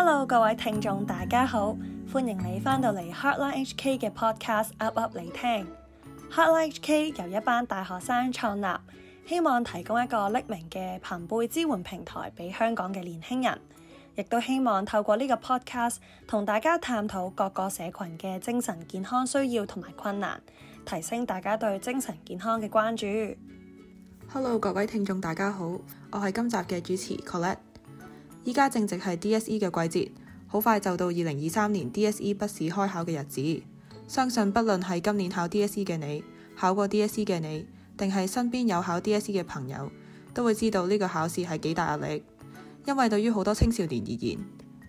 Hello，各位聽眾，大家好，歡迎你翻到嚟 Heartline HK 嘅 Podcast 噏噏你聽。Heartline HK 由一班大學生創立，希望提供一個匿名嘅朋輩支援平台俾香港嘅年輕人，亦都希望透過呢個 Podcast 同大家探討各個社群嘅精神健康需要同埋困難，提升大家對精神健康嘅關注。Hello，各位聽眾，大家好，我係今集嘅主持 Colette 依家正值係 DSE 嘅季節，好快就到二零二三年 DSE 筆試開考嘅日子。相信不論係今年考 DSE 嘅你，考過 DSE 嘅你，定係身邊有考 DSE 嘅朋友，都會知道呢個考試係幾大壓力。因為對於好多青少年而言，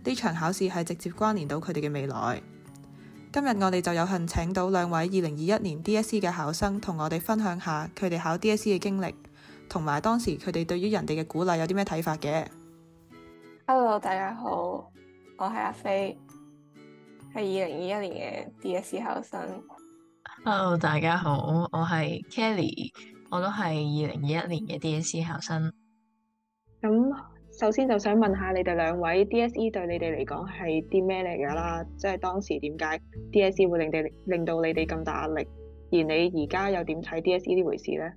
呢場考試係直接關聯到佢哋嘅未來。今日我哋就有幸請到兩位二零二一年 DSE 嘅考生，同我哋分享下佢哋考 DSE 嘅經歷，同埋當時佢哋對於人哋嘅鼓勵有啲咩睇法嘅。hello，大家好，我係阿飛，係二零二一年嘅 DSE 考生。hello，大家好，我係 Kelly，我都係二零二一年嘅 DSE 考生。咁首先就想問下你哋兩位 DSE 對你哋嚟講係啲咩嚟㗎啦？即係當時點解 DSE 會令你令到你哋咁大壓力？而你而家又點睇 DSE 呢回事咧？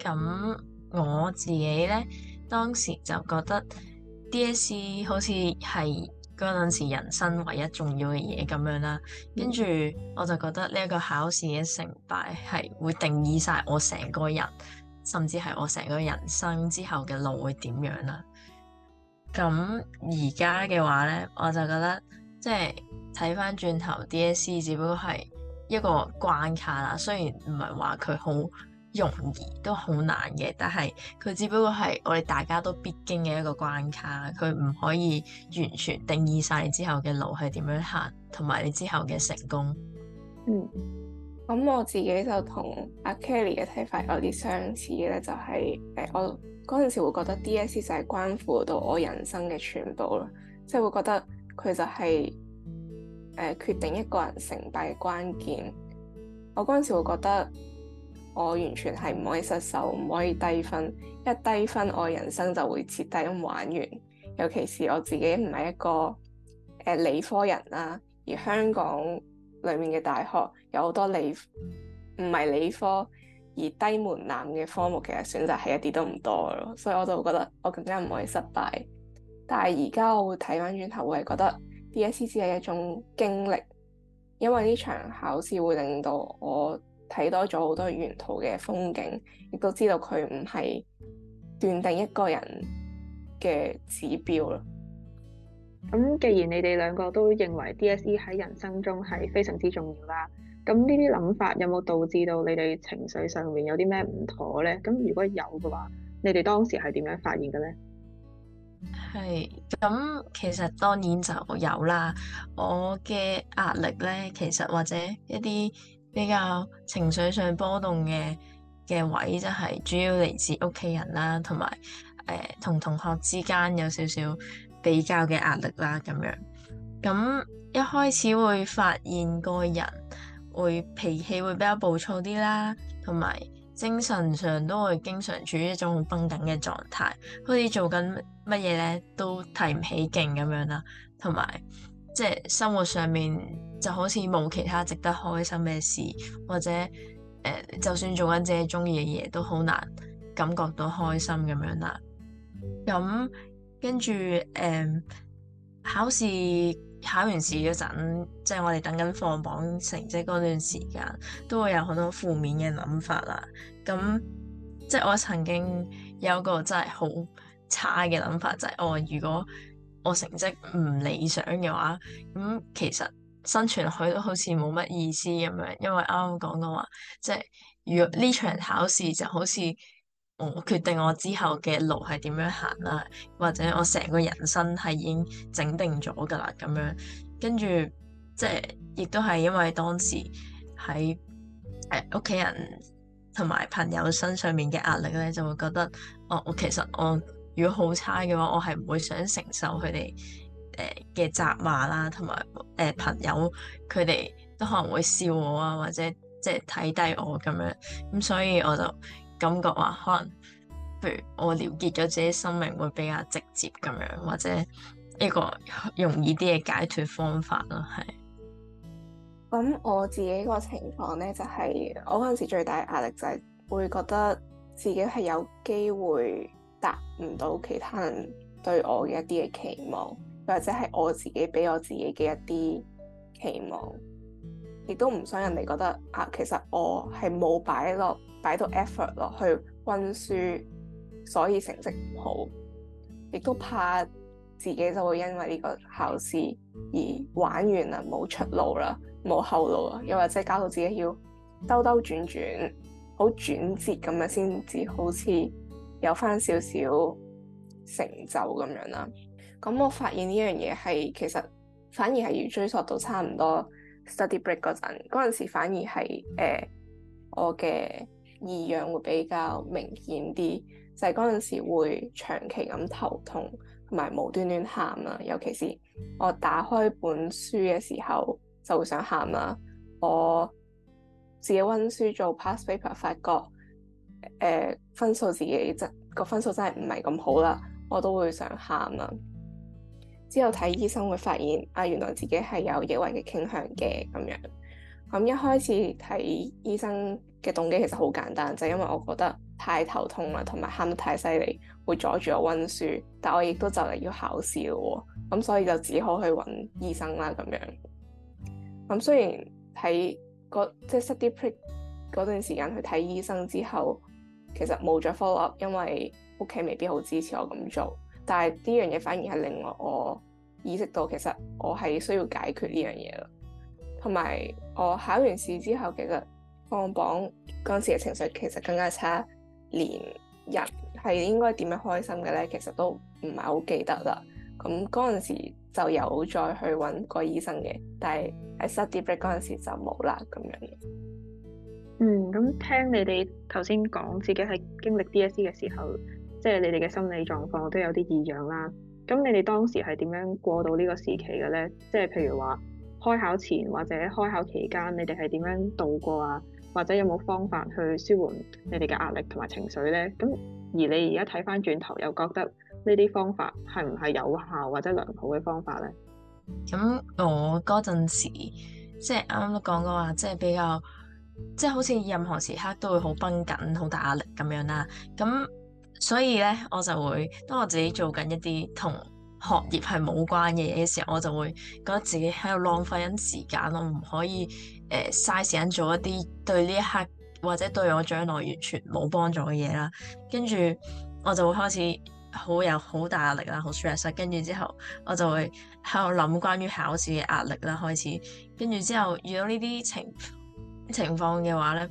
咁我自己咧，當時就覺得。DSE 好似係嗰陣時人生唯一重要嘅嘢咁樣啦，跟住我就覺得呢一個考試嘅成敗係會定義晒我成個人，甚至係我成個人生之後嘅路會點樣啦。咁而家嘅話呢，我就覺得即係睇翻轉頭 DSE 只不過係一個關卡啦，雖然唔係話佢好容易都好難嘅，但係佢只不過係我哋大家都必經嘅一個關卡，佢唔可以完全定義晒之後嘅路係點樣行，同埋你之後嘅成功。嗯，咁、 嗯、我自己就同阿 Kelly 嘅睇法有啲相似咧，就係、是、誒，我嗰陣時會覺得 DSE 就係關乎到我人生嘅全部啦，即、就、係、是、會覺得佢就係、是、誒、呃、決定一個人成敗嘅關鍵。我嗰陣時會覺得。我完全係唔可以失手，唔可以低分。一低分，我人生就會徹底咁玩完。尤其是我自己唔係一個、呃、理科人啦、啊，而香港裡面嘅大學有好多理唔係理科而低門檻嘅科目，其實選擇係一啲都唔多咯。所以我就覺得我更加唔可以失敗。但係而家我會睇翻轉頭，會係覺得 DSE 只係一種經歷，因為呢場考試會令到我。睇多咗好多沿途嘅風景，亦都知道佢唔係斷定一個人嘅指標咯。咁既然你哋兩個都認為 DSE 喺人生中係非常之重要啦，咁呢啲諗法有冇導致到你哋情緒上面有啲咩唔妥咧？咁如果有嘅話，你哋當時係點樣發現嘅咧？係，咁其實當然就有啦。我嘅壓力咧，其實或者一啲。比較情緒上波動嘅嘅位，就係主要嚟自屋企人啦，同埋誒同同學之間有少少比較嘅壓力啦咁樣。咁一開始會發現個人會脾氣會比較暴躁啲啦，同埋精神上都會經常處於一種好繃緊嘅狀態，好似做緊乜嘢咧都提唔起勁咁樣啦，同埋即係生活上面。就好似冇其他值得開心嘅事，或者誒、呃，就算做緊自己中意嘅嘢，都好難感覺到開心咁樣啦。咁跟住誒，考試考完試嗰陣，即係我哋等緊放榜成績嗰段時間，都會有好多負面嘅諗法啦。咁即係我曾經有個真係好差嘅諗法，就係我如果我成績唔理想嘅話，咁其實。生存去都好似冇乜意思咁樣，因為啱啱講嘅話，即係如果呢場考試就好似我決定我之後嘅路係點樣行啦，或者我成個人生係已經整定咗噶啦咁樣，跟住即係亦都係因為當時喺誒屋企人同埋朋友身上面嘅壓力咧，就會覺得我我、哦、其實我如果好差嘅話，我係唔會想承受佢哋誒嘅責罵啦，同埋誒朋友佢哋都可能會笑我啊，或者即係睇低我咁樣，咁所以我就感覺話可能，譬如我了結咗自己生命會比較直接咁樣，或者一個容易啲嘅解決方法咯，係。咁我自己個情況咧，就係，就係我嗰陣時最大壓力就係會覺得自己係有機會達唔到其他人對我嘅一啲嘅期望。或者係我自己俾我自己嘅一啲期望，亦都唔想人哋覺得啊，其實我係冇擺落擺到 effort 落去温書，所以成績唔好。亦都怕自己就會因為呢個考試而玩完啦，冇出路啦，冇後路啊！又或者搞到自己要兜兜轉轉，好轉折咁樣先至好似有翻少少成就咁樣啦。咁、嗯、我發現呢樣嘢係其實反而係要追溯到差唔多 study break 嗰陣嗰陣時，時反而係誒、呃、我嘅異樣會比較明顯啲，就係嗰陣時會長期咁頭痛同埋無端端喊啦、啊。尤其是我打開本書嘅時候就會想喊啦、啊。我自己温書做 past paper，發覺誒、呃、分數自己真、那個分數真係唔係咁好啦，我都會想喊啦、啊。之後睇醫生會發現，啊原來自己係有抑鬱嘅傾向嘅咁樣。咁一開始睇醫生嘅動機其實好簡單，就因為我覺得太頭痛啦，同埋喊得太犀利會阻住我温書，但我亦都就嚟要考試啦喎，咁所以就只好去揾醫生啦咁樣。咁雖然喺嗰即係 study break 嗰段時間去睇醫生之後，其實冇咗 follow up，因為屋企未必好支持我咁做。但係呢樣嘢反而係令我意識到，其實我係需要解決呢樣嘢咯。同埋我考完試之後，其實放榜嗰陣時嘅情緒其實更加差，連人係應該點樣開心嘅咧？其實都唔係好記得啦。咁嗰陣時就有再去揾個醫生嘅，但係喺 study break 嗰時就冇啦咁樣。嗯，咁聽你哋頭先講自己喺經歷 DSE 嘅時候。即係你哋嘅心理狀況都有啲異樣啦。咁你哋當時係點樣過到呢個時期嘅咧？即係譬如話開考前或者開考期間，你哋係點樣度過啊？或者有冇方法去舒緩你哋嘅壓力同埋情緒咧？咁而你而家睇翻轉頭又覺得呢啲方法係唔係有效或者良好嘅方法咧？咁我嗰陣時即係啱啱都講過話，即係比較，即係好似任何時刻都會好崩緊、好大壓力咁樣啦。咁所以咧，我就會當我自己做緊一啲同學業係冇關嘅嘢嘅時候，我就會覺得自己喺度浪費緊時間，我唔可以誒嘥時間做一啲對呢一刻或者對我將來完全冇幫助嘅嘢啦。跟住我就會開始好有好大壓力啦，好 stress。跟住之後我就會喺度諗關於考試嘅壓力啦，開始跟住之後遇到呢啲情情況嘅話咧。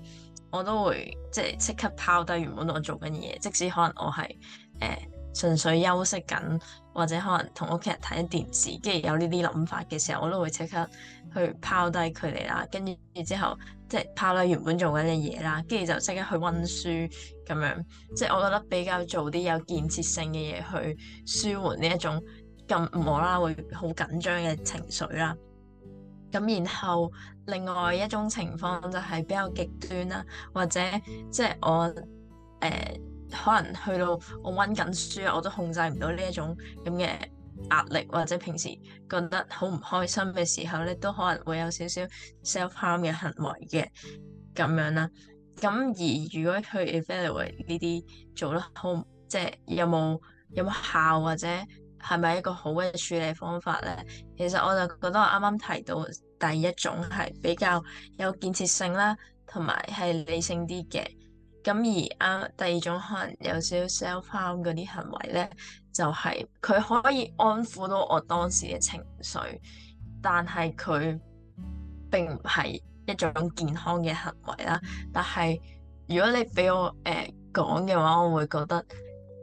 我都會即係即刻拋低原本我做緊嘢，即使可能我係誒、呃、純粹休息緊，或者可能同屋企人睇緊電視，跟住有呢啲諗法嘅時候，我都會即刻去拋低佢哋啦，跟住之後即係拋低原本做緊嘅嘢啦，跟住就即刻去温書咁樣，即係我覺得比較做啲有建設性嘅嘢去舒緩呢一種咁無啦啦會好緊張嘅情緒啦。咁然後。另外一種情況就係比較極端啦，或者即係我誒、呃、可能去到我温緊書，我都控制唔到呢一種咁嘅壓力，或者平時覺得好唔開心嘅時候咧，都可能會有少少 self-harm 嘅行為嘅咁樣啦。咁而如果去 evaluate 呢啲做得好，即係有冇有冇效或者係咪一個好嘅處理方法咧？其實我就覺得我啱啱提到。第一種係比較有建設性啦，同埋係理性啲嘅。咁而啊，第二種可能有少少 self harm 嗰啲行為咧，就係佢可以安撫到我當時嘅情緒，但係佢並唔係一種健康嘅行為啦。但係如果你俾我誒講嘅話，我會覺得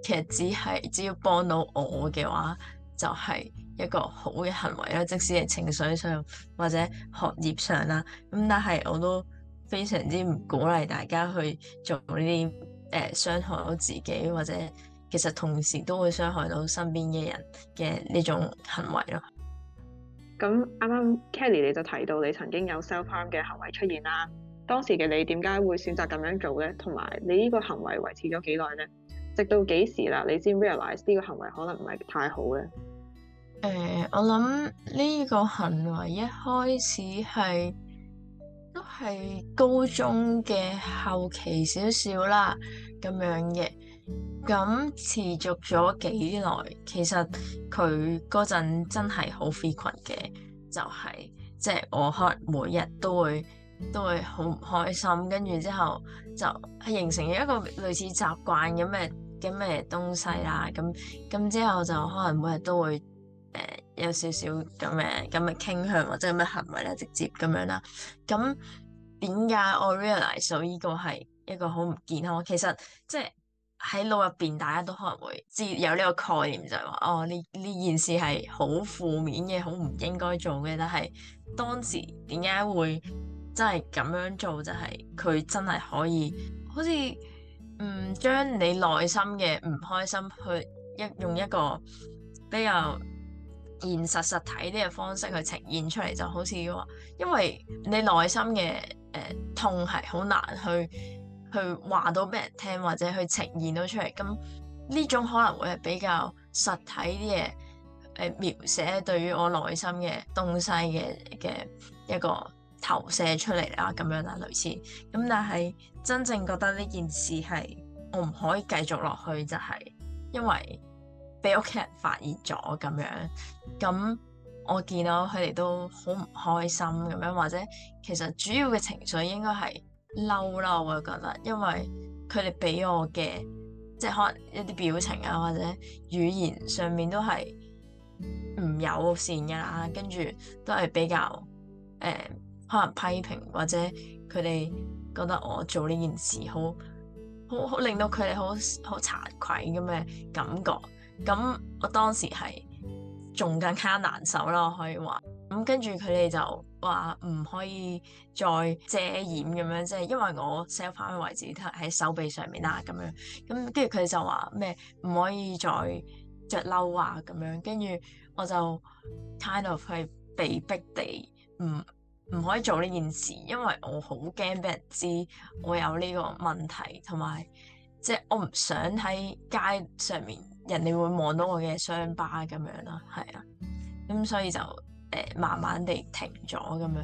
其實只係只要幫到我嘅話，就係一個好嘅行為啦，即使係情緒上或者學業上啦，咁但係我都非常之唔鼓勵大家去做呢啲誒傷害到自己或者其實同時都會傷害到身邊嘅人嘅呢種行為咯。咁啱啱 Kelly 你就提到你曾經有 self harm 嘅行為出現啦，當時嘅你點解會選擇咁樣做咧？同埋你呢個行為維持咗幾耐咧？直到幾時啦？你先 realize 呢個行為可能唔係太好咧？誒，uh, 我諗呢個行為一開始係都係高中嘅後期少少啦，咁樣嘅。咁持續咗幾耐，其實佢嗰陣真係好 frequent 嘅，就係即係我可能每日都會都會好唔開心，跟住之後就係形成咗一個類似習慣咁嘅咁嘅東西啦、啊。咁咁之後就可能每日都會。誒、呃、有少少咁嘅咁嘅傾向或者咁嘅行為咧，直接咁樣啦。咁點解我 realize 到呢個係一個好唔健康？其實即係喺腦入邊，大家都可能會知有呢個概念，就係、是、話哦，呢呢件事係好負面嘅，好唔應該做嘅。但係當時點解會真係咁樣做？就係、是、佢真係可以，好似唔將你內心嘅唔開心去一用一個比較。現實實體啲嘅方式去呈現出嚟，就好似話，因為你內心嘅誒、呃、痛係好難去去話到俾人聽，或者去呈現到出嚟。咁呢種可能會係比較實體啲嘢誒描寫，對於我內心嘅東西嘅嘅一個投射出嚟啊，咁樣啊，類似。咁但係真正覺得呢件事係我唔可以繼續落去，就係因為。俾屋企人發現咗咁樣，咁我見到佢哋都好唔開心咁樣，或者其實主要嘅情緒應該係嬲啦，我覺得，因為佢哋俾我嘅，即係可能一啲表情啊或者語言上面都係唔友善㗎啦，跟住都係比較誒、呃，可能批評或者佢哋覺得我做呢件事好好好令到佢哋好好慚愧咁嘅感覺。咁我當時係仲更加難受囉，可以話咁，跟住佢哋就話唔可以再遮掩咁樣，即係因為我 sell 翻嘅位置喺喺手臂上面啦，咁樣，咁跟住佢就話咩唔可以再着褸啊咁樣，跟住我就 kind of 係被逼地唔唔可以做呢件事，因為我好驚俾人知我有呢個問題，同埋即係我唔想喺街上面。人哋會望到我嘅傷疤咁樣咯，係啊，咁所以就誒、呃、慢慢地停咗咁樣。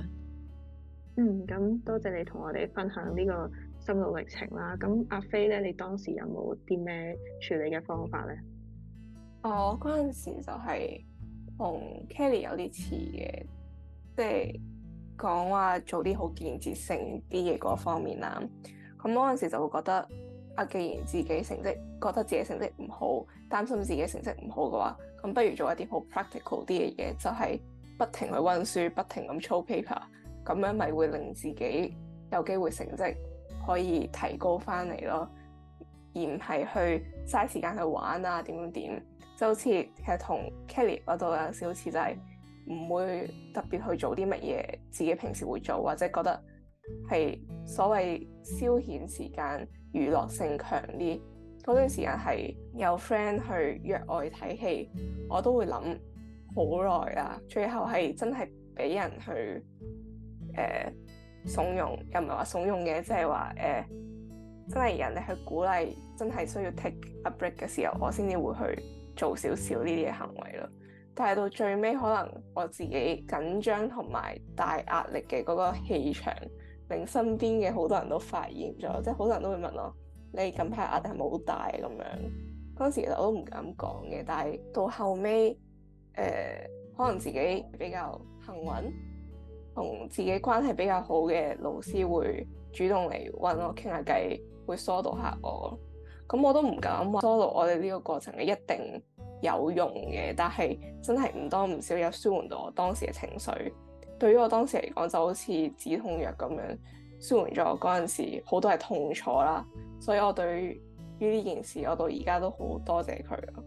嗯，咁多謝，謝你同我哋分享呢個心路歷程啦。咁阿飛咧，你當時有冇啲咩處理嘅方法咧？我嗰陣時就係同 Kelly 有啲似嘅，即係講話做啲好建設性啲嘅嗰方面啦。咁嗰陣時就會覺得。啊！既然自己成績覺得自己成績唔好，擔心自己成績唔好嘅話，咁不如做一啲好 practical 啲嘅嘢，就係、是、不停去温書，不停咁操 paper，咁樣咪會令自己有機會成績可以提高翻嚟咯，而唔係去嘥時間去玩啊點點點，就好似其實同 Kelly 嗰度有少少似，就係、是、唔會特別去做啲乜嘢，自己平時會做或者覺得係所謂消遣時間。娛樂性強啲嗰段時間係有 friend 去約我睇戲，我都會諗好耐啦。最後係真係俾人去誒、呃、慫恿，又唔係話慫恿嘅，即係話誒真係人哋去鼓勵，真係需要 take a break 嘅時候，我先至會去做少少呢啲嘅行為咯。但係到最尾，可能我自己緊張同埋大壓力嘅嗰個氣場。令身邊嘅好多人都發現咗，即係好多人都會問我：你近排壓力係咪好大咁樣？當時其實我都唔敢講嘅，但係到後尾，誒、呃、可能自己比較幸運，同自己關係比較好嘅老師會主動嚟搵我傾下偈，會疏導下我。咁我都唔敢話疏導，我哋呢個過程係一定有用嘅，但係真係唔多唔少有舒緩到我當時嘅情緒。對於我當時嚟講，就好似止痛藥咁樣，舒緩咗嗰陣時好多係痛楚啦，所以我對於呢件事，我到而家都好多謝佢啊。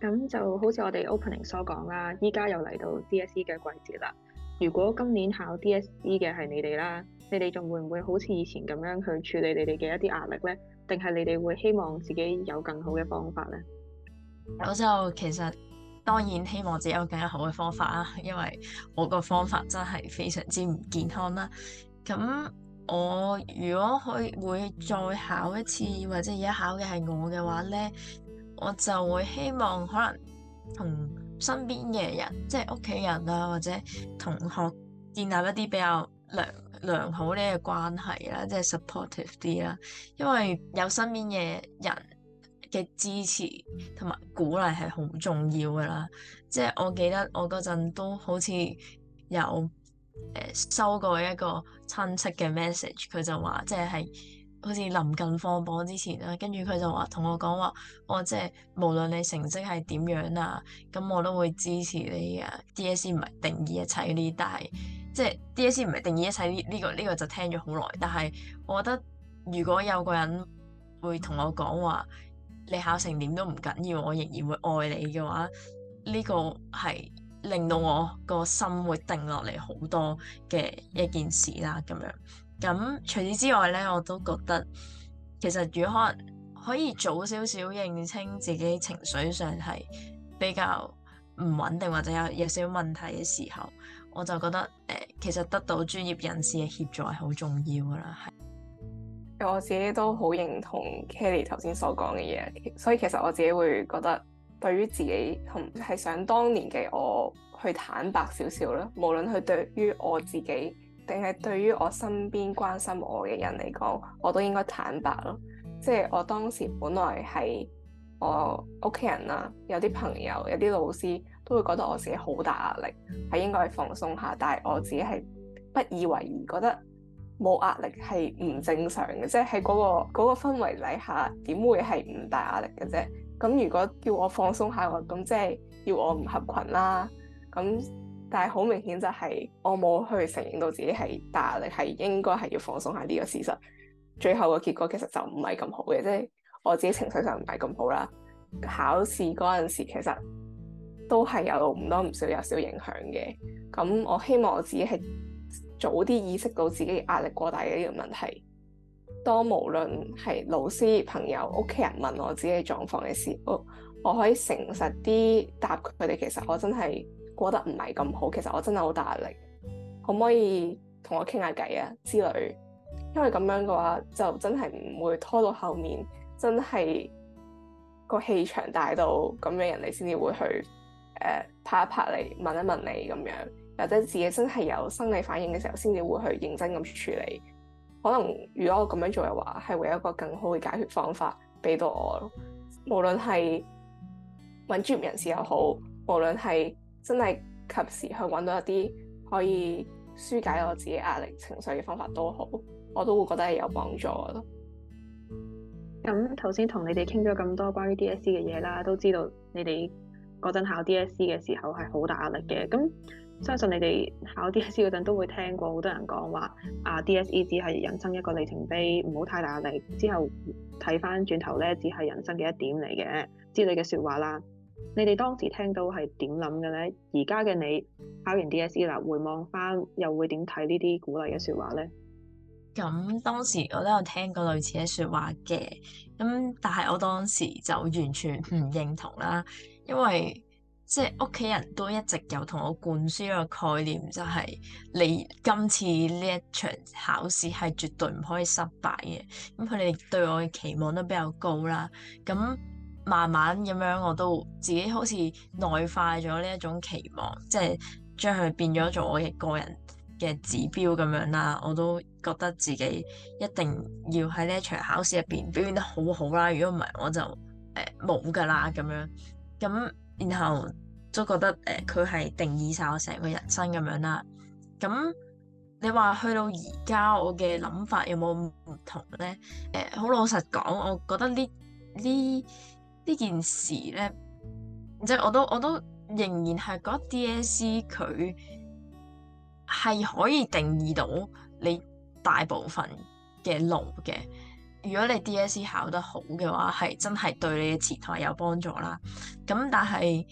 咁就好似我哋 opening 所講啦，依家又嚟到 DSE 嘅季節啦。如果今年考 DSE 嘅係你哋啦，你哋仲會唔會好似以前咁樣去處理你哋嘅一啲壓力呢？定係你哋會希望自己有更好嘅方法呢？我就其實。當然希望自己有更好嘅方法啦，因為我個方法真係非常之唔健康啦。咁我如果去會再考一次，或者而家考嘅係我嘅話呢，我就會希望可能同身邊嘅人，即係屋企人啦，或者同學建立一啲比較良良好啲嘅關係啦，即係 supportive 啲啦，因為有身邊嘅人。嘅支持同埋鼓勵係好重要噶啦，即係我記得我嗰陣都好似有誒收過一個親戚嘅 message，佢就話即係係好似臨近放榜之前啦，跟住佢就話同我講話，我即係無論你成績係點樣啊，咁我都會支持你啊。DSE 唔係定義一切呢，但係即係 DSE 唔係定義一切呢呢、呢個呢、呢個就聽咗好耐，但係我覺得如果有個人會同我講話。你考成點都唔緊要，我仍然會愛你嘅話，呢個係令到我個心會定落嚟好多嘅一件事啦。咁樣。咁除此之外咧，我都覺得其實如果可能可以早少少認清自己情緒上係比較唔穩定，或者有有少問題嘅時候，我就覺得誒、呃、其實得到專業人士嘅協助係好重要噶啦。係。我自己都好認同 Kelly 頭先所講嘅嘢，所以其實我自己會覺得，對於自己同係想當年嘅我去坦白少少啦。無論佢對於我自己定係對於我身邊關心我嘅人嚟講，我都應該坦白咯。即係我當時本來係我屋企人啦，有啲朋友、有啲老師都會覺得我自己好大壓力，係應該去放鬆下，但係我自己係不以為然覺得。冇壓力係唔正常嘅，即係喺嗰個嗰個氛圍底下，點會係唔大壓力嘅啫？咁如果叫我放鬆下我咁即係要我唔合群啦。咁但係好明顯就係我冇去承認到自己係大壓力，係應該係要放鬆下呢個事實。最後嘅結果其實就唔係咁好嘅，即係我自己情緒上唔係咁好啦。考試嗰陣時其實都係有唔多唔少有少影響嘅。咁我希望我自己係，早啲意識到自己壓力過大嘅呢個問題，當無論係老師、朋友、屋企人問我自己狀況嘅時候，我我可以誠實啲答佢哋，其實我真係過得唔係咁好，其實我真係好大壓力，可唔可以同我傾下偈啊之類，因為咁樣嘅話就真係唔會拖到後面，真係個氣場大到咁樣，人哋先至會去、呃、拍一拍你，問一問你咁樣。或者自己真係有生理反應嘅時候，先至會去認真咁處理。可能如果我咁樣做嘅話，係會有一個更好嘅解決方法俾到我咯。無論係搵專業人士又好，無論係真係及時去搵到一啲可以紓解我自己壓力情緒嘅方法都好，我都會覺得係有幫助嘅咯。咁頭先同你哋傾咗咁多關於 DSE 嘅嘢啦，都知道你哋嗰陣考 DSE 嘅時候係好大壓力嘅，咁。相信你哋考 DSE 嗰陣都會聽過好多人講話，啊 DSE 只係人生一個里程碑，唔好太大壓力。之後睇返轉頭咧，只係人生嘅一點嚟嘅，之類嘅説話啦。你哋當時聽到係點諗嘅咧？而家嘅你考完 DSE 啦，回望返又會點睇呢啲鼓勵嘅説話咧？咁當時我都有聽過類似嘅説話嘅，咁但係我當時就完全唔認同啦，因為，即係屋企人都一直有同我灌輸一個概念，就係你今次呢一場考試係絕對唔可以失敗嘅。咁佢哋對我嘅期望都比較高啦。咁慢慢咁樣，我都自己好似內化咗呢一種期望，即係將佢變咗做我嘅個人嘅指標咁樣啦。我都覺得自己一定要喺呢一場考試入邊表現得好好啦。如果唔係，我就誒冇噶啦咁樣咁。然後都覺得誒，佢、呃、係定義晒我成個人生咁樣啦。咁你話去到而家，我嘅諗法有冇唔同咧？誒、呃，好老實講，我覺得呢呢呢件事咧，即係我都我都仍然係覺得 DSE 佢係可以定義到你大部分嘅路嘅。如果你 DSE 考得好嘅話，係真係對你嘅前途有幫助啦。咁但係誒、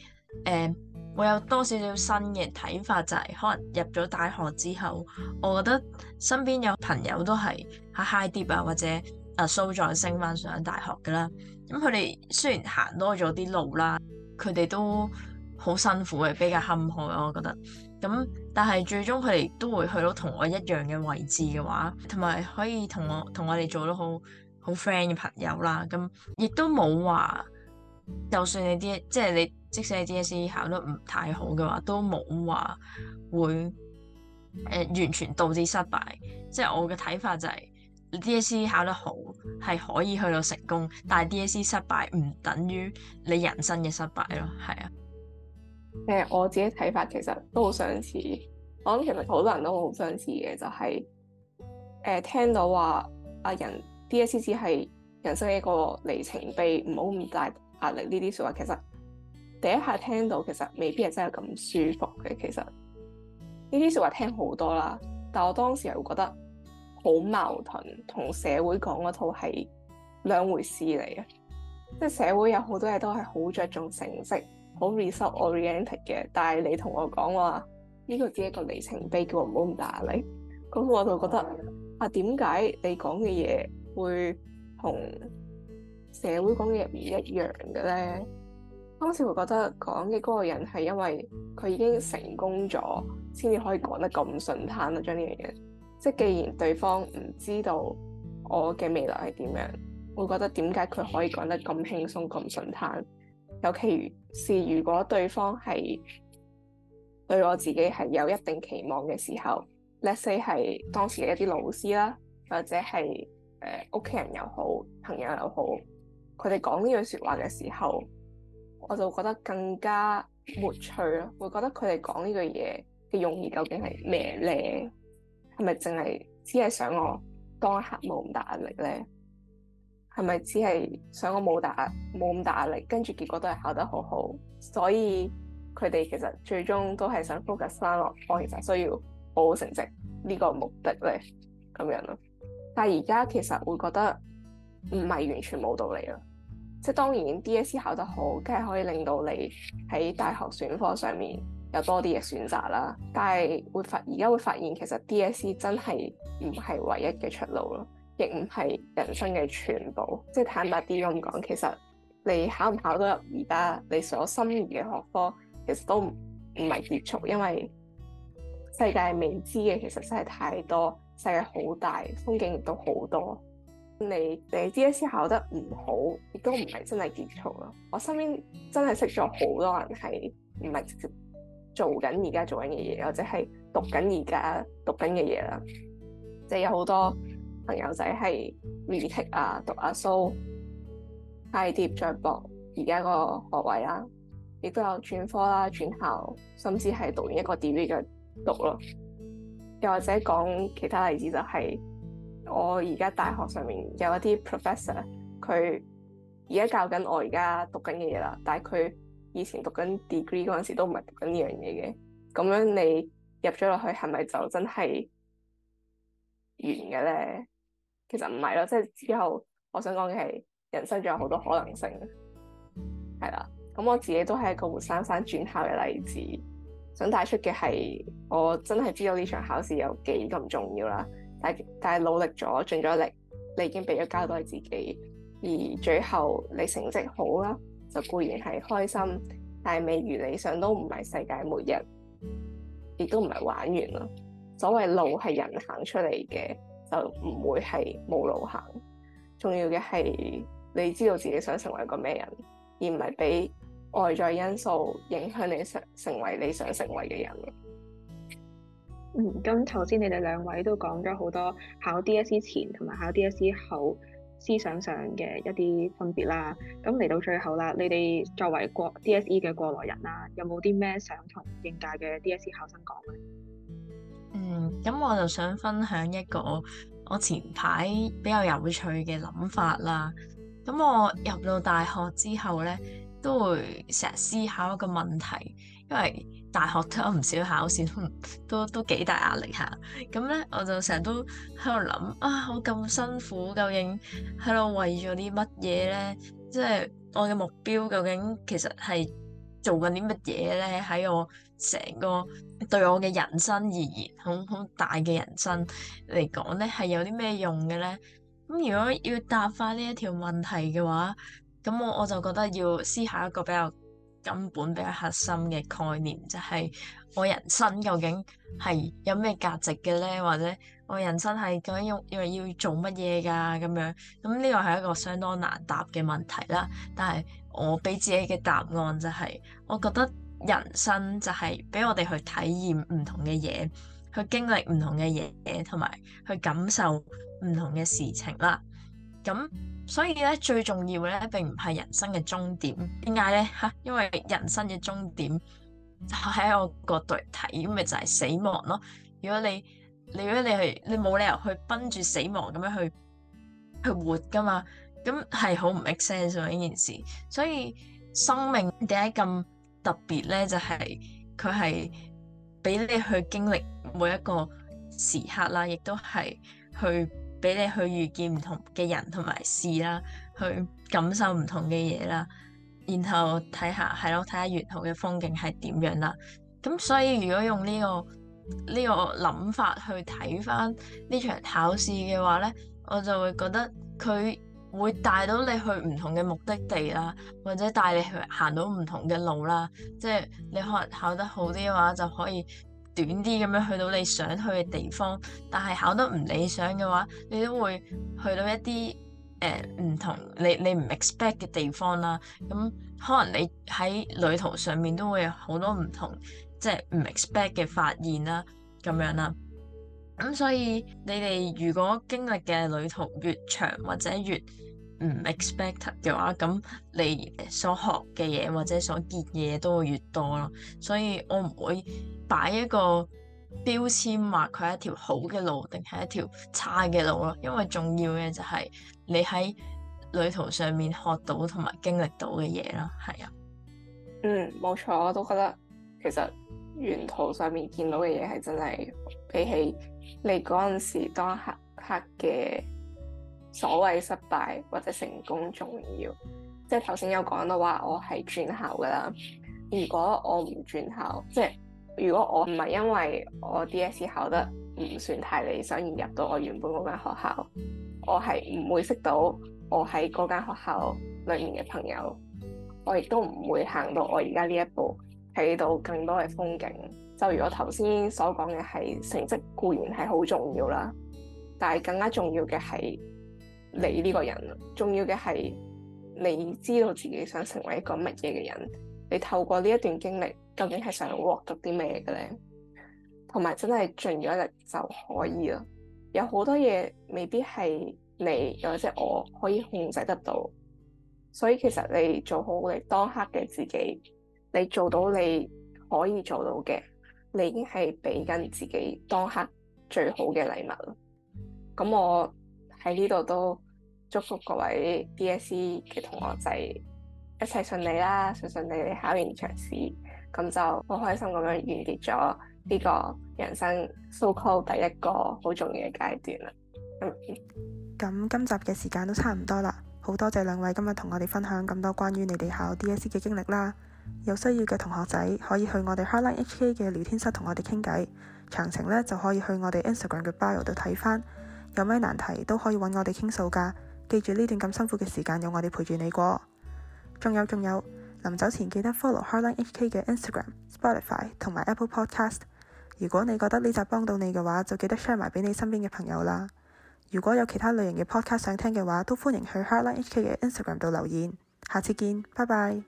呃，我有多少少新嘅睇法、就係，就係可能入咗大學之後，我覺得身邊有朋友都係喺 High Dip 啊，或者啊蘇再升翻上大學噶啦。咁佢哋雖然行多咗啲路啦，佢哋都好辛苦嘅，比較坎坷啊，我覺得。咁，但係最終佢哋都會去到同我一樣嘅位置嘅話，同埋可以同我同我哋做到好好 friend 嘅朋友啦。咁、嗯、亦都冇話，就算你 D，即係你即使你 DSE 考得唔太好嘅話，都冇話會誒、呃、完全導致失敗。即係我嘅睇法就係、係、DSE 考得好係可以去到成功，但係 DSE 失敗唔等於你人生嘅失敗咯。係啊。誒、呃、我自己睇法其實都好相似，我諗其實好多人都好相似嘅，就係、是、誒、呃、聽到話啊人 DSE 只係人生一個里程碑，唔好咁大壓力呢啲説話，其實第一下聽到其實未必係真係咁舒服嘅。其實呢啲説話聽好多啦，但我當時又會覺得好矛盾，同社會講嗰套係兩回事嚟嘅，即係社會有好多嘢都係好着重成績。好 result-oriented 嘅，但係你同我講話呢個只係一個里程碑，叫我唔好咁大壓力。咁我就覺得啊，點解你講嘅嘢會同社會講嘅唔一樣嘅咧？當時會覺得講嘅嗰個人係因為佢已經成功咗，先至可以講得咁順攤啦、啊。將呢樣嘢，即係既然對方唔知道我嘅未來係點樣，會覺得點解佢可以講得咁輕鬆、咁順攤？尤其是如果對方係對我自己係有一定期望嘅時候，let's say 係當時嘅一啲老師啦，或者係誒屋企人又好，朋友又好，佢哋講呢句説話嘅時候，我就覺得更加沒趣咯，會覺得佢哋講呢句嘢嘅用意究竟係咩咧？係咪淨係只係想我當下冇咁大壓力咧？係咪只係想我冇大冇咁大壓力，跟住結果都係考得好好，所以佢哋其實最終都係想 focus 翻落我其實需要好好成績呢個目的咧，咁樣咯。但係而家其實會覺得唔係完全冇道理啊，即係當然 DSE 考得好梗係可以令到你喺大學選科上面有多啲嘅選擇啦。但係會發而家會發現其實 DSE 真係唔係唯一嘅出路咯。亦唔係人生嘅全部，即係坦白啲咁講，其實你考唔考得到入而家你所心儀嘅學科，其實都唔唔係結束，因為世界未知嘅，其實真係太多，世界好大，風景亦都好多。你你 DSE 考得唔好，亦都唔係真係結束咯。我身邊真係識咗好多人係唔係直接做緊而家做緊嘅嘢，或者係讀緊而家讀緊嘅嘢啦，即係有好多。朋友仔係 retake 啊，讀 Asso degree 再博而家個學位啦，亦都有轉科啦、轉校，甚至係讀完一個 degree 再讀咯。又或者講其他例子，就係，就係我而家大學上面有一啲 professor，佢而家教緊我而家讀緊嘅嘢啦，但係佢以前讀緊 degree 嗰陣時都唔係讀緊呢樣嘢嘅。咁樣你入咗落去係咪就真係完嘅咧？其實唔係咯，即係之後我想講嘅係人生仲有好多可能性，係啦。咁我自己都係一個活生生轉校嘅例子。想帶出嘅係我真係知道呢場考試有幾咁重要啦，但但係努力咗，盡咗力，你已經俾咗交代自己。而最後你成績好啦，就固然係開心，但係未如理想都唔係世界末日，亦都唔係玩完啦。所謂路係人行出嚟嘅。就唔會係冇路行，重要嘅係你知道自己想成為一個咩人，而唔係俾外在因素影響你成成為你想成為嘅人。嗯，咁頭先你哋兩位都講咗好多考 DSE 前同埋考 DSE 後思想上嘅一啲分別啦。咁嚟到最後啦，你哋作為過 DSE 嘅過來人啦、啊，有冇啲咩想同應屆嘅 DSE 考生講呢？嗯，咁我就想分享一個我前排比較有趣嘅諗法啦。咁我入到大學之後咧，都會成日思考一個問題，因為大學都有唔少考試，都都幾大壓力吓。咁咧，我就成日都喺度諗啊，我咁辛苦，究竟喺度為咗啲乜嘢咧？即係我嘅目標究竟其實係做緊啲乜嘢咧？喺我成個。對我嘅人生而言，好好大嘅人生嚟講咧，係有啲咩用嘅咧？咁如果要答返呢一條問題嘅話，咁我我就覺得要思考一個比較根本、比較核心嘅概念，就係我人生究竟係有咩價值嘅咧，或者我人生係究竟要，要做乜嘢㗎咁樣？咁呢個係一個相當難答嘅問題啦。但係我俾自己嘅答案就係，我覺得。人生就係俾我哋去體驗唔同嘅嘢，去經歷唔同嘅嘢，同埋去感受唔同嘅事情啦。咁所以咧，最重要咧並唔係人生嘅終點。點解咧嚇？因為人生嘅終點喺我個角度睇，咁咪就係、是、死亡咯。如果你，你如果你係你冇理由去奔住死亡咁樣去去活噶嘛？咁係好唔 make sense 呢件事。所以生命點解咁？特別咧就係佢係俾你去經歷每一個時刻啦，亦都係去俾你去遇見唔同嘅人同埋事啦，去感受唔同嘅嘢啦，然後睇下係咯，睇下沿途嘅風景係點樣啦。咁所以如果用呢個呢個諗法去睇翻呢場考試嘅話咧，我就會覺得佢會帶到你去唔同嘅目的地啦，或者帶你去行到唔同嘅路啦。即係你可能考得好啲嘅話，就可以短啲咁樣去到你想去嘅地方。但係考得唔理想嘅話，你都會去到一啲誒唔同你你唔 expect 嘅地方啦。咁、嗯、可能你喺旅途上面都會有好多唔同，即係唔 expect 嘅發現啦，咁樣啦、啊。咁、嗯、所以你哋如果經歷嘅旅途越長或者越唔 expect 嘅話，咁你所學嘅嘢或者所見嘢都會越多咯。所以我唔會擺一個標籤話佢係一條好嘅路定係一條差嘅路咯。因為重要嘅就係你喺旅途上面學到同埋經歷到嘅嘢咯。係啊，嗯，冇錯，我都覺得其實沿途上面見到嘅嘢係真係比起～你嗰陣時，當刻刻嘅所謂失敗或者成功重要，即係頭先有講到話我係轉校噶啦。如果我唔轉校，即係如果我唔係因為我 DSE 考得唔算太理想而入到我原本嗰間學校，我係唔會識到我喺嗰間學校裡面嘅朋友，我亦都唔會行到我而家呢一步，睇到更多嘅風景。就如我頭先所講嘅，係成績固然係好重要啦，但係更加重要嘅係你呢個人。重要嘅係你知道自己想成為一個乜嘢嘅人。你透過呢一段經歷，究竟係想獲得啲咩嘅咧？同埋真係盡咗力就可以咯。有好多嘢未必係你又或者我可以控制得到，所以其實你做好你當刻嘅自己，你做到你可以做到嘅。你已經係俾緊自己當刻最好嘅禮物啦！咁我喺呢度都祝福各位 DSE 嘅同學仔一切順利啦，順順利利考完長試，咁就好開心咁樣完結咗呢個人生 so call 第一個好重要嘅階段啦！咁、嗯、今集嘅時間都差唔多啦，好多謝兩位今日同我哋分享咁多關於你哋考 DSE 嘅經歷啦！有需要嘅同學仔可以去我哋 HeartlineHK 嘅聊天室同我哋傾偈，詳情呢就可以去我哋 Instagram 嘅 bio 度睇返，有咩難題都可以搵我哋傾訴㗎。記住呢段咁辛苦嘅時間有我哋陪住你過，仲有仲有，臨走前記得 follow HeartlineHK 嘅 Instagram、Spotify 同埋 Apple Podcast。如果你覺得呢集幫到你嘅話，就記得 share 埋俾你身邊嘅朋友啦。如果有其他類型嘅 podcast 想聽嘅話，都歡迎去 HeartlineHK 嘅 Instagram 度留言。下次見，拜拜。